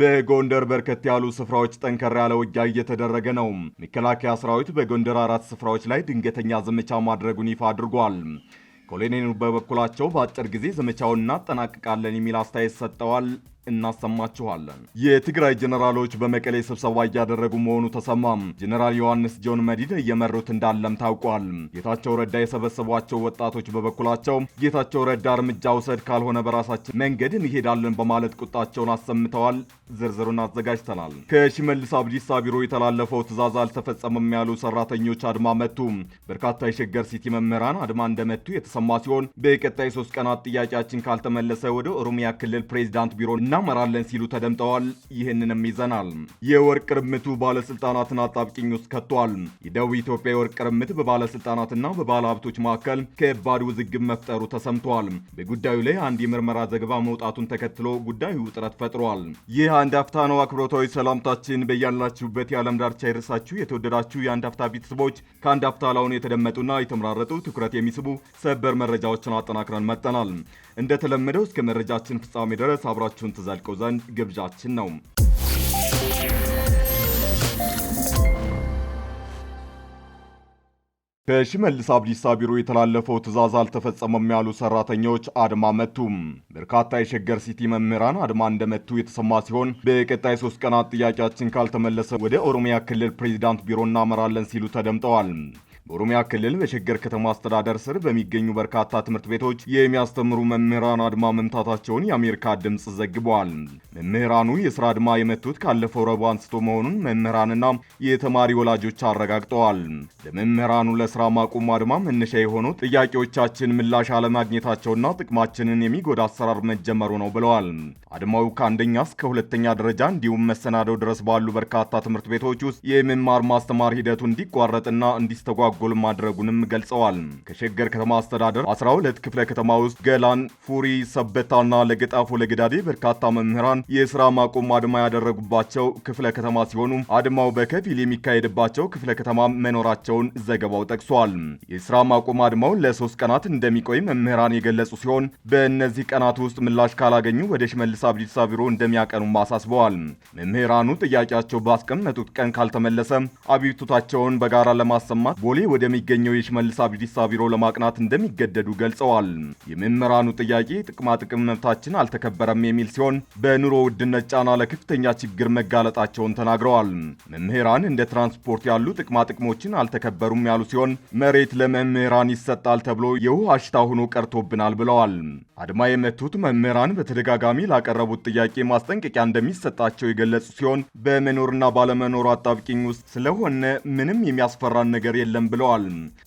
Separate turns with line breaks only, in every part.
በጎንደር በርከት ያሉ ስፍራዎች ጠንከር ያለ ውጊያ እየተደረገ ነው። መከላከያ ሰራዊት በጎንደር አራት ስፍራዎች ላይ ድንገተኛ ዘመቻ ማድረጉን ይፋ አድርጓል። ኮሎኔሉ በበኩላቸው በአጭር ጊዜ ዘመቻውን እናጠናቅቃለን የሚል አስተያየት ሰጥተዋል። እናሰማችኋለን። የትግራይ ጀኔራሎች በመቀሌ ስብሰባ እያደረጉ መሆኑ ተሰማ ጀነራል ዮሐንስ ጆን መዲድ እየመሩት እንዳለም ታውቋል። ጌታቸው ረዳ የሰበሰቧቸው ወጣቶች በበኩላቸው ጌታቸው ረዳ እርምጃ ውሰድ፣ ካልሆነ በራሳችን መንገድ እንሄዳለን በማለት ቁጣቸውን አሰምተዋል። ዝርዝሩን አዘጋጅተናል። ከሽመልስ አብዲሳ ቢሮ የተላለፈው ትዕዛዝ አልተፈጸመም ያሉ ሰራተኞች አድማ መቱ። በርካታ የሸገር ሲቲ መምህራን አድማ እንደመቱ የተሰማ ሲሆን በቀጣይ ሶስት ቀናት ጥያቄያችን ካልተመለሰ ወደ ኦሮሚያ ክልል ፕሬዚዳንት ቢሮ እና እናመራለን ሲሉ ተደምጠዋል። ይህንንም ይዘናል። የወርቅ ቅርምቱ ባለስልጣናትን አጣብቂኝ ውስጥ ከቷል። የደቡብ ኢትዮጵያ የወርቅ ቅርምት በባለስልጣናትና በባለ ሀብቶች መካከል ከባድ ውዝግብ መፍጠሩ ተሰምቷል። በጉዳዩ ላይ አንድ የምርመራ ዘገባ መውጣቱን ተከትሎ ጉዳዩ ውጥረት ፈጥሯል። ይህ አንድ አፍታ ነው። አክብሮታዊ ሰላምታችን በያላችሁበት የዓለም ዳርቻ ይድረሳችሁ። የተወደዳችሁ የአንድ አፍታ ቤተሰቦች ከአንድ አፍታ ላሁን የተደመጡና የተመራረጡ ትኩረት የሚስቡ ሰበር መረጃዎችን አጠናክረን መጠናል። እንደተለመደው እስከ መረጃችን ፍጻሜ ድረስ አብራችሁን ዘልቀው ዘንድ ግብዣችን ነው። ከሽመልስ አብዲሳ ቢሮ የተላለፈው ትዕዛዝ አልተፈጸመም ያሉ ሰራተኞች አድማ መቱ። በርካታ የሸገር ሲቲ መምህራን አድማ እንደመቱ የተሰማ ሲሆን በቀጣይ ሶስት ቀናት ጥያቄያችን ካልተመለሰ ወደ ኦሮሚያ ክልል ፕሬዚዳንት ቢሮ እናመራለን ሲሉ ተደምጠዋል። በኦሮሚያ ክልል በሸገር ከተማ አስተዳደር ስር በሚገኙ በርካታ ትምህርት ቤቶች የሚያስተምሩ መምህራን አድማ መምታታቸውን የአሜሪካ ድምፅ ዘግበዋል። መምህራኑ የስራ አድማ የመቱት ካለፈው ረቡዕ አንስቶ መሆኑን መምህራንና የተማሪ ወላጆች አረጋግጠዋል። ለመምህራኑ ለስራ ማቆም አድማ መነሻ የሆነው ጥያቄዎቻችን ምላሽ አለማግኘታቸውና ጥቅማችንን የሚጎዳ አሰራር መጀመሩ ነው ብለዋል። አድማው ከአንደኛ እስከ ሁለተኛ ደረጃ እንዲሁም መሰናደው ድረስ ባሉ በርካታ ትምህርት ቤቶች ውስጥ የመማር ማስተማር ሂደቱ እንዲቋረጥና እንዲስተጓጉ ጎል ማድረጉንም ገልጸዋል። ከሸገር ከተማ አስተዳደር 12 ክፍለ ከተማ ውስጥ ገላን፣ ፉሪ፣ ሰበታና ለገጣፎ ለገዳዴ በርካታ መምህራን የስራ ማቆም አድማ ያደረጉባቸው ክፍለ ከተማ ሲሆኑ አድማው በከፊል የሚካሄድባቸው ክፍለ ከተማ መኖራቸውን ዘገባው ጠቅሷል። የስራ ማቆም አድማው ለሶስት ቀናት እንደሚቆይ መምህራን የገለጹ ሲሆን በእነዚህ ቀናት ውስጥ ምላሽ ካላገኙ ወደ ሽመልስ አብዲሳ ቢሮ እንደሚያቀኑ አሳስበዋል። መምህራኑ ጥያቄያቸው ባስቀመጡት ቀን ካልተመለሰ አቤቱታቸውን በጋራ ለማሰማት ቦሌ ወደሚገኘው የሽመልስ አብዲሳ ቢሮ ለማቅናት እንደሚገደዱ ገልጸዋል። የመምህራኑ ጥያቄ ጥቅማጥቅም መብታችን አልተከበረም የሚል ሲሆን በኑሮ ውድነት ጫና ለከፍተኛ ችግር መጋለጣቸውን ተናግረዋል። መምህራን እንደ ትራንስፖርት ያሉ ጥቅማጥቅሞችን አልተከበሩም ያሉ ሲሆን መሬት ለመምህራን ይሰጣል ተብሎ የውሃ ሽታ ሆኖ ቀርቶብናል ብለዋል። አድማ የመቱት መምህራን በተደጋጋሚ ላቀረቡት ጥያቄ ማስጠንቀቂያ እንደሚሰጣቸው የገለጹ ሲሆን በመኖርና ባለመኖር አጣብቂኝ ውስጥ ስለሆነ ምንም የሚያስፈራን ነገር የለም ብለዋል።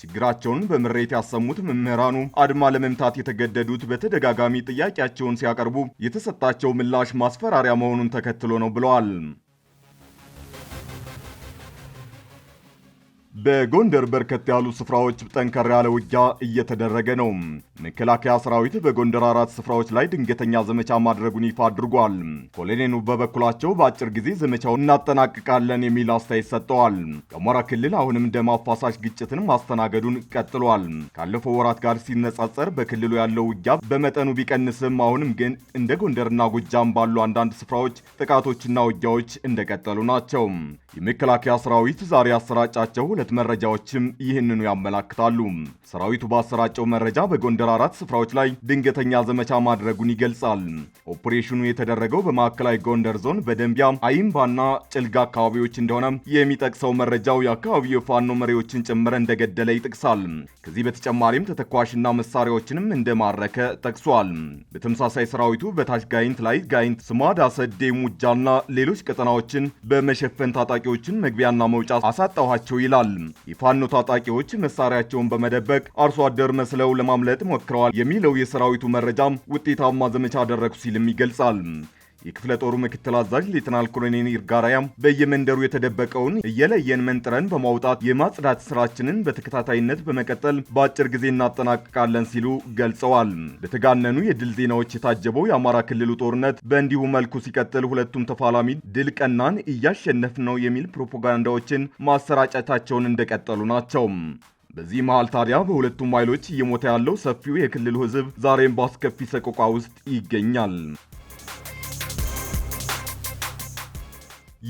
ችግራቸውን በምሬት ያሰሙት መምህራኑ አድማ ለመምታት የተገደዱት በተደጋጋሚ ጥያቄያቸውን ሲያቀርቡ የተሰጣቸው ምላሽ ማስፈራሪያ መሆኑን ተከትሎ ነው ብለዋል። በጎንደር በርከት ያሉ ስፍራዎች ጠንከር ያለ ውጊያ እየተደረገ ነው። መከላከያ ሰራዊት በጎንደር አራት ስፍራዎች ላይ ድንገተኛ ዘመቻ ማድረጉን ይፋ አድርጓል። ኮሎኔሉ በበኩላቸው በአጭር ጊዜ ዘመቻውን እናጠናቅቃለን የሚል አስተያየት ሰጥተዋል። የአማራ ክልል አሁንም ደም አፋሳሽ ግጭትን ማስተናገዱን ቀጥሏል። ካለፈው ወራት ጋር ሲነጻጸር በክልሉ ያለው ውጊያ በመጠኑ ቢቀንስም አሁንም ግን እንደ ጎንደርና ጎጃም ባሉ አንዳንድ ስፍራዎች ጥቃቶችና ውጊያዎች እንደቀጠሉ ናቸው። የመከላከያ ሰራዊት ዛሬ አሰራጫቸው አይነት መረጃዎችም ይህንኑ ያመላክታሉ። ሰራዊቱ ባሰራጨው መረጃ በጎንደር አራት ስፍራዎች ላይ ድንገተኛ ዘመቻ ማድረጉን ይገልጻል። ኦፕሬሽኑ የተደረገው በማዕከላዊ ጎንደር ዞን በደንቢያ አይምባና ጭልጋ አካባቢዎች እንደሆነ የሚጠቅሰው መረጃው የአካባቢው የፋኖ መሪዎችን ጭምር እንደገደለ ይጠቅሳል። ከዚህ በተጨማሪም ተተኳሽና መሳሪያዎችንም እንደማረከ ጠቅሷል። በተመሳሳይ ሰራዊቱ በታች ጋይንት ላይ ጋይንት፣ ስማዳ፣ ሰዴ፣ ሙጃና ሌሎች ቀጠናዎችን በመሸፈን ታጣቂዎችን መግቢያና መውጫ አሳጣኋቸው ይላል። ተናግረዋል። የፋኖ ታጣቂዎች መሳሪያቸውን በመደበቅ አርሶ አደር መስለው ለማምለጥ ሞክረዋል የሚለው የሰራዊቱ መረጃም ውጤታማ ዘመቻ አደረኩ ሲልም ይገልጻል። የክፍለ ጦሩ ምክትል አዛዥ ሌተናል ኮሎኔል ይርጋራያም በየመንደሩ የተደበቀውን እየለየን መንጥረን በማውጣት የማጽዳት ስራችንን በተከታታይነት በመቀጠል በአጭር ጊዜ እናጠናቅቃለን ሲሉ ገልጸዋል። በተጋነኑ የድል ዜናዎች የታጀበው የአማራ ክልሉ ጦርነት በእንዲሁ መልኩ ሲቀጥል ሁለቱም ተፋላሚ ድል ቀናን እያሸነፍን ነው የሚል ፕሮፓጋንዳዎችን ማሰራጨታቸውን እንደቀጠሉ ናቸው። በዚህ መሃል ታዲያ በሁለቱም ኃይሎች እየሞተ ያለው ሰፊው የክልሉ ሕዝብ ዛሬም በአስከፊ ሰቆቃ ውስጥ ይገኛል።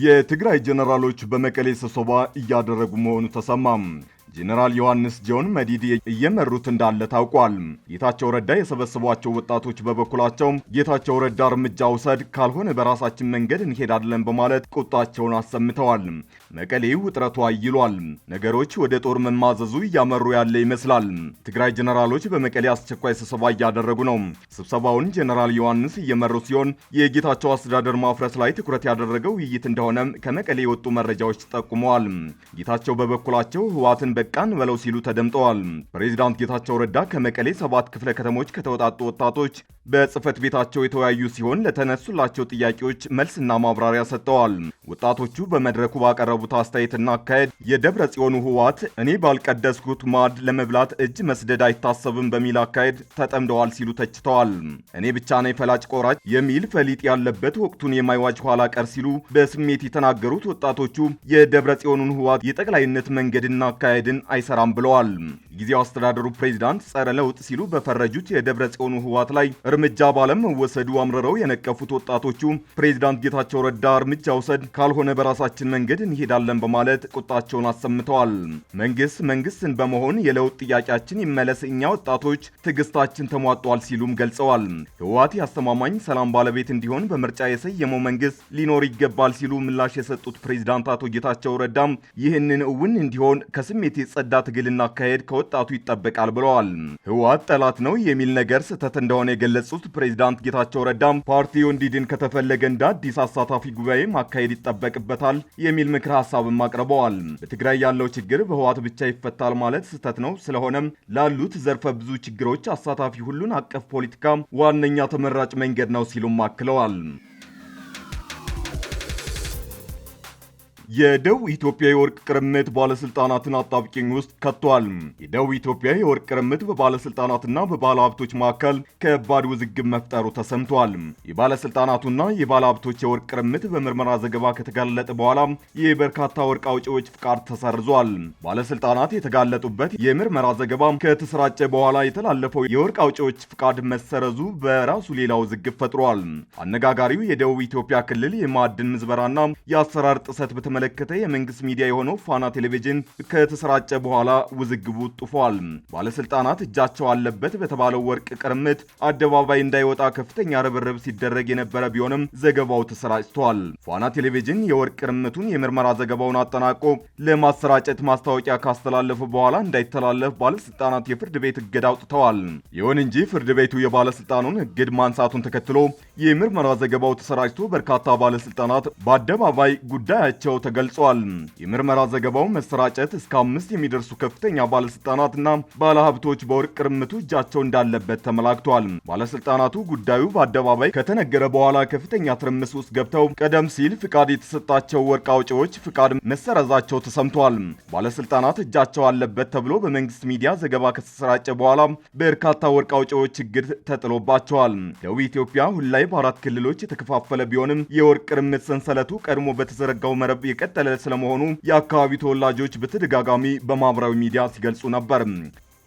የትግራይ ጀነራሎች በመቀሌ ስብሰባ እያደረጉ መሆኑ ተሰማም። ጀነራል ዮሐንስ ጆን መዲድ እየመሩት እንዳለ ታውቋል። ጌታቸው ረዳ የሰበሰቧቸው ወጣቶች በበኩላቸው ጌታቸው ረዳ እርምጃ ውሰድ፣ ካልሆነ በራሳችን መንገድ እንሄዳለን በማለት ቁጣቸውን አሰምተዋል። መቀሌ ውጥረቱ አይሏል። ነገሮች ወደ ጦር መማዘዙ እያመሩ ያለ ይመስላል። ትግራይ ጀነራሎች በመቀሌ አስቸኳይ ስብሰባ እያደረጉ ነው። ስብሰባውን ጀነራል ዮሐንስ እየመሩ ሲሆን የጌታቸው አስተዳደር ማፍረስ ላይ ትኩረት ያደረገ ውይይት እንደሆነ ከመቀሌ የወጡ መረጃዎች ጠቁመዋል። ጌታቸው በበኩላቸው ህዋትን በቃን በለው ሲሉ ተደምጠዋል። ፕሬዚዳንት ጌታቸው ረዳ ከመቀሌ ሰባት ክፍለ ከተሞች ከተወጣጡ ወጣቶች በጽህፈት ቤታቸው የተወያዩ ሲሆን ለተነሱላቸው ጥያቄዎች መልስና ማብራሪያ ሰጥተዋል። ወጣቶቹ በመድረኩ ባቀረቡት አስተያየትና አካሄድ የደብረ ጽዮኑ ህወሓት እኔ ባልቀደስኩት ማዕድ ለመብላት እጅ መስደድ አይታሰብም በሚል አካሄድ ተጠምደዋል ሲሉ ተችተዋል። እኔ ብቻ ነኝ ፈላጭ ቆራጭ የሚል ፈሊጥ ያለበት ወቅቱን የማይዋጅ ኋላ ቀር ሲሉ በስሜት የተናገሩት ወጣቶቹ የደብረ ጽዮኑን ህወሓት የጠቅላይነት መንገድና አካሄድን አይሰራም ብለዋል። ጊዜው አስተዳደሩ ፕሬዚዳንት ጸረ ለውጥ ሲሉ በፈረጁት የደብረ ጽዮኑ ህወሓት ላይ እርምጃ ባለመወሰዱ አምርረው የነቀፉት ወጣቶቹ ፕሬዚዳንት ጌታቸው ረዳ እርምጃ ውሰድ፣ ካልሆነ በራሳችን መንገድ እንሄዳለን በማለት ቁጣቸውን አሰምተዋል። መንግስት መንግስትን በመሆን የለውጥ ጥያቄያችን ይመለስ፣ እኛ ወጣቶች ትዕግስታችን ተሟጧል ሲሉም ገልጸዋል። ህወሓት የአስተማማኝ ሰላም ባለቤት እንዲሆን በምርጫ የሰየመው መንግስት ሊኖር ይገባል ሲሉ ምላሽ የሰጡት ፕሬዚዳንት አቶ ጌታቸው ረዳም ይህንን እውን እንዲሆን ከስሜት የጸዳ ትግል እናካሄድ ከወጣቱ ይጠበቃል ብለዋል። ህወሓት ጠላት ነው የሚል ነገር ስህተት እንደሆነ የገለጸ የገለጹት ፕሬዚዳንት ጌታቸው ረዳም ፓርቲው እንዲድን ከተፈለገ እንደ አዲስ አሳታፊ ጉባኤ ማካሄድ ይጠበቅበታል የሚል ምክር ሀሳብም አቅርበዋል። በትግራይ ያለው ችግር በህዋት ብቻ ይፈታል ማለት ስህተት ነው። ስለሆነም ላሉት ዘርፈ ብዙ ችግሮች አሳታፊ ሁሉን አቀፍ ፖለቲካ ዋነኛ ተመራጭ መንገድ ነው ሲሉም አክለዋል። የደቡብ ኢትዮጵያ የወርቅ ቅርምት ባለስልጣናትን አጣብቂኝ ውስጥ ከቷል። የደቡብ ኢትዮጵያ የወርቅ ቅርምት በባለስልጣናትና በባለ ሀብቶች መካከል ከባድ ውዝግብ መፍጠሩ ተሰምቷል። የባለስልጣናቱና የባለ ሀብቶች የወርቅ ቅርምት በምርመራ ዘገባ ከተጋለጠ በኋላ የበርካታ ወርቅ አውጪዎች ፍቃድ ተሰርዟል። ባለስልጣናት የተጋለጡበት የምርመራ ዘገባ ከተሰራጨ በኋላ የተላለፈው የወርቅ አውጪዎች ፍቃድ መሰረዙ በራሱ ሌላ ውዝግብ ፈጥሯል። አነጋጋሪው የደቡብ ኢትዮጵያ ክልል የማዕድን ምዝበራና የአሰራር ጥሰት በተመ በተመለከተ የመንግስት ሚዲያ የሆነው ፋና ቴሌቪዥን ከተሰራጨ በኋላ ውዝግቡ ጥፏል። ባለስልጣናት እጃቸው አለበት በተባለው ወርቅ ቅርምት አደባባይ እንዳይወጣ ከፍተኛ ርብርብ ሲደረግ የነበረ ቢሆንም ዘገባው ተሰራጭቷል። ፋና ቴሌቪዥን የወርቅ ቅርምቱን የምርመራ ዘገባውን አጠናቆ ለማሰራጨት ማስታወቂያ ካስተላለፈ በኋላ እንዳይተላለፍ ባለስልጣናት የፍርድ ቤት እገዳ አውጥተዋል። ይሁን እንጂ ፍርድ ቤቱ የባለስልጣኑን እግድ ማንሳቱን ተከትሎ የምርመራ ዘገባው ተሰራጭቶ በርካታ ባለስልጣናት በአደባባይ ጉዳያቸው ተገልጿል። የምርመራ ዘገባው መሰራጨት እስከ አምስት የሚደርሱ ከፍተኛ ባለስልጣናትና ባለሀብቶች በወርቅ ቅርምቱ እጃቸው እንዳለበት ተመላክቷል። ባለስልጣናቱ ጉዳዩ በአደባባይ ከተነገረ በኋላ ከፍተኛ ትርምስ ውስጥ ገብተው ቀደም ሲል ፍቃድ የተሰጣቸው ወርቅ አውጪዎች ፍቃድ መሰረዛቸው ተሰምቷል። ባለስልጣናት እጃቸው አለበት ተብሎ በመንግስት ሚዲያ ዘገባ ከተሰራጨ በኋላ በርካታ ወርቅ አውጪዎች እግድ ተጥሎባቸዋል። ደቡብ ኢትዮጵያ ሁላ ላይ በአራት ክልሎች የተከፋፈለ ቢሆንም የወርቅ ቅርምት ሰንሰለቱ ቀድሞ በተዘረጋው መረብ የቀጠለ ስለመሆኑ የአካባቢው ተወላጆች በተደጋጋሚ በማህበራዊ ሚዲያ ሲገልጹ ነበር።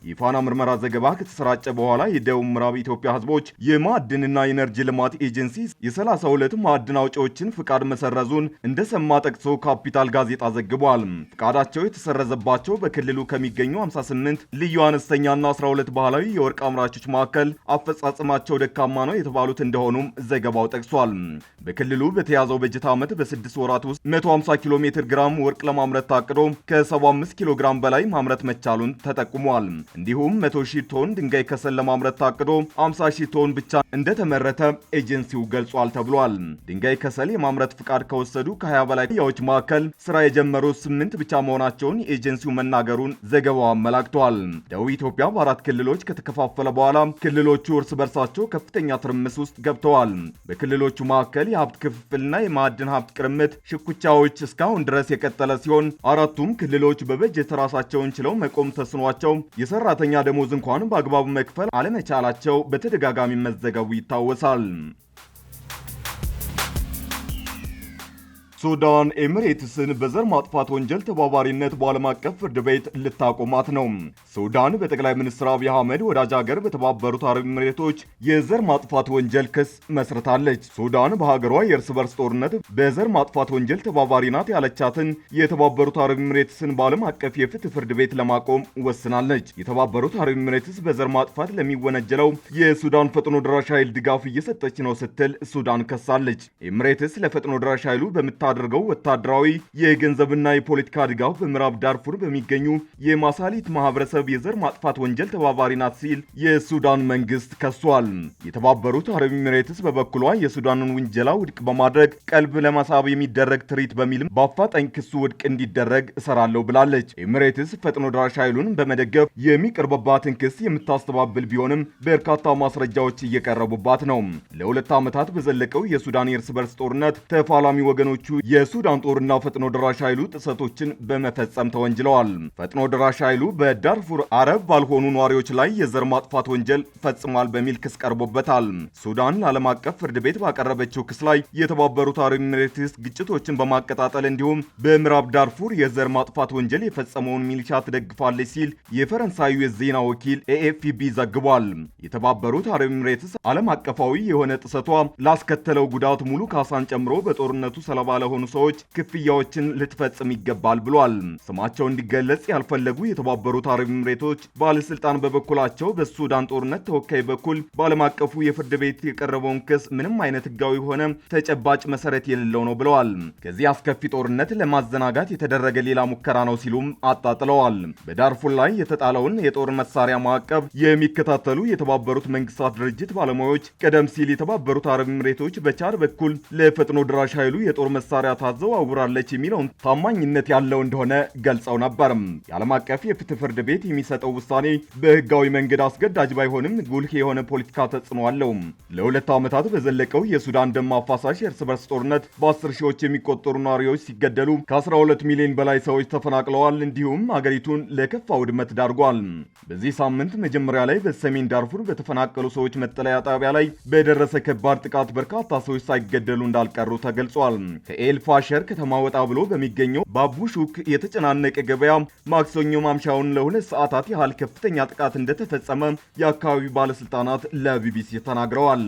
የፋና ምርመራ ዘገባ ከተሰራጨ በኋላ የደቡብ ምዕራብ ኢትዮጵያ ህዝቦች የማዕድንና የኤነርጂ ልማት ኤጀንሲ የሰላሳ ሁለት ማዕድን አውጪዎችን ፍቃድ መሰረዙን እንደሰማ ጠቅሶ ካፒታል ጋዜጣ ዘግቧል። ፍቃዳቸው የተሰረዘባቸው በክልሉ ከሚገኙ 58 ልዩ አነስተኛና 12 ባህላዊ የወርቅ አምራቾች መካከል አፈጻጸማቸው ደካማ ነው የተባሉት እንደሆኑም ዘገባው ጠቅሷል። በክልሉ በተያዘው በጀት ዓመት በስድስት ወራት ውስጥ 150 ኪሎ ሜትር ግራም ወርቅ ለማምረት ታቅዶ ከ75 ኪሎ ግራም በላይ ማምረት መቻሉን ተጠቁሟል። እንዲሁም 100 ሺህ ቶን ድንጋይ ከሰል ለማምረት ታቅዶ 50 ሺህ ቶን ብቻ እንደተመረተ ኤጀንሲው ገልጿል ተብሏል። ድንጋይ ከሰል የማምረት ፍቃድ ከወሰዱ ከ20 በላይ ያዎች መካከል ስራ የጀመሩ ስምንት ብቻ መሆናቸውን ኤጀንሲው መናገሩን ዘገባው አመላክቷል። ደቡብ ኢትዮጵያ በአራት ክልሎች ከተከፋፈለ በኋላ ክልሎቹ እርስ በርሳቸው ከፍተኛ ትርምስ ውስጥ ገብተዋል። በክልሎቹ መካከል የሀብት ክፍፍልና የማዕድን ሀብት ቅርምት ሽኩቻዎች እስካሁን ድረስ የቀጠለ ሲሆን አራቱም ክልሎች በበጀት ራሳቸውን ችለው መቆም ተስኗቸው የሰራተኛ ደሞዝ እንኳን በአግባቡ መክፈል አለመቻላቸው በተደጋጋሚ መዘገቡ ይታወሳል።
ሱዳን ኤምሬትስን በዘር ማጥፋት ወንጀል ተባባሪነት በዓለም አቀፍ ፍርድ ቤት ልታቆማት ነው። ሱዳን በጠቅላይ ሚኒስትር አብይ አህመድ ወዳጅ ሀገር በተባበሩት አረብ ኤምሬቶች የዘር ማጥፋት ወንጀል ክስ መስርታለች። ሱዳን በሀገሯ የእርስ በርስ ጦርነት በዘር ማጥፋት ወንጀል ተባባሪ ናት ያለቻትን የተባበሩት አረብ ኤምሬትስን በዓለም አቀፍ የፍትህ ፍርድ ቤት ለማቆም ወስናለች። የተባበሩት አረብ ኤምሬትስ በዘር ማጥፋት ለሚወነጀለው የሱዳን ፈጥኖ ድራሻ ኃይል ድጋፍ እየሰጠች ነው ስትል ሱዳን ከሳለች። ኤምሬትስ ለፈጥኖ ደራሽ ኃይሉ በምታ አድርገው ወታደራዊ የገንዘብና የፖለቲካ ድጋፍ በምዕራብ ዳርፉር በሚገኙ የማሳሊት ማህበረሰብ የዘር ማጥፋት ወንጀል ተባባሪ ናት ሲል የሱዳን መንግስት ከሷል። የተባበሩት አረብ ኤሚሬትስ በበኩሏ የሱዳንን ውንጀላ ውድቅ በማድረግ ቀልብ ለመሳብ የሚደረግ ትርኢት በሚልም በአፋጣኝ ክሱ ውድቅ እንዲደረግ እሰራለሁ ብላለች። ኤሚሬትስ ፈጥኖ ደራሽ ኃይሉን በመደገፍ የሚቀርብባትን ክስ የምታስተባብል ቢሆንም በርካታ ማስረጃዎች እየቀረቡባት ነው። ለሁለት ዓመታት በዘለቀው የሱዳን የእርስ በርስ ጦርነት ተፋላሚ ወገኖቹ የሱዳን ጦርና ፈጥኖ ደራሽ ኃይሉ ጥሰቶችን በመፈጸም ተወንጅለዋል። ፈጥኖ ደራሽ ኃይሉ በዳርፉር አረብ ባልሆኑ ነዋሪዎች ላይ የዘር ማጥፋት ወንጀል ፈጽሟል በሚል ክስ ቀርቦበታል። ሱዳን ዓለም አቀፍ ፍርድ ቤት ባቀረበችው ክስ ላይ የተባበሩት አረብ ግጭቶችን በማቀጣጠል እንዲሁም በምዕራብ ዳርፉር የዘር ማጥፋት ወንጀል የፈጸመውን ሚሊሻ ትደግፋለች ሲል የፈረንሳዩ የዜና ወኪል ኤኤፍፒቢ ዘግቧል። የተባበሩት አረብ ዓለም አቀፋዊ የሆነ ጥሰቷ ላስከተለው ጉዳት ሙሉ ካሳን ጨምሮ በጦርነቱ ሰለባ ለሆኑ ሰዎች ክፍያዎችን ልትፈጽም ይገባል ብሏል። ስማቸው እንዲገለጽ ያልፈለጉ የተባበሩት አረብ ኤምሬቶች ባለስልጣን በበኩላቸው በሱዳን ጦርነት ተወካይ በኩል በዓለም አቀፉ የፍርድ ቤት የቀረበውን ክስ ምንም አይነት ህጋዊ ሆነ ተጨባጭ መሰረት የሌለው ነው ብለዋል። ከዚህ አስከፊ ጦርነት ለማዘናጋት የተደረገ ሌላ ሙከራ ነው ሲሉም አጣጥለዋል። በዳርፉር ላይ የተጣለውን የጦር መሳሪያ ማዕቀብ የሚከታተሉ የተባበሩት መንግስታት ድርጅት ባለሙያዎች ቀደም ሲል የተባበሩት አረብ ኤምሬቶች በቻድ በኩል ለፈጥኖ ድራሽ ኃይሉ የጦር መሳሪያ መሳሪያ አውራለች የሚለውን ታማኝነት ያለው እንደሆነ ገልጸው ነበር። የዓለም አቀፍ የፍትህ ፍርድ ቤት የሚሰጠው ውሳኔ በህጋዊ መንገድ አስገዳጅ ባይሆንም ጉልህ የሆነ ፖለቲካ ተጽዕኖ አለው። ለሁለት ዓመታት በዘለቀው የሱዳን ደም አፋሳሽ እርስ በርስ ጦርነት በአስር ሺዎች የሚቆጠሩ ነዋሪዎች ሲገደሉ ከ12 ሚሊዮን በላይ ሰዎች ተፈናቅለዋል። እንዲሁም አገሪቱን ለከፋ ውድመት ዳርጓል። በዚህ ሳምንት መጀመሪያ ላይ በሰሜን ዳርፉር በተፈናቀሉ ሰዎች መጠለያ ጣቢያ ላይ በደረሰ ከባድ ጥቃት በርካታ ሰዎች ሳይገደሉ እንዳልቀሩ ተገልጿል። ከኤልፋሸር ከተማ ወጣ ብሎ በሚገኘው ባቡ ሹክ የተጨናነቀ ገበያ ማክሰኞ ማምሻውን ለሁለት ሰዓታት ያህል ከፍተኛ ጥቃት እንደተፈጸመ የአካባቢው ባለስልጣናት ለቢቢሲ ተናግረዋል።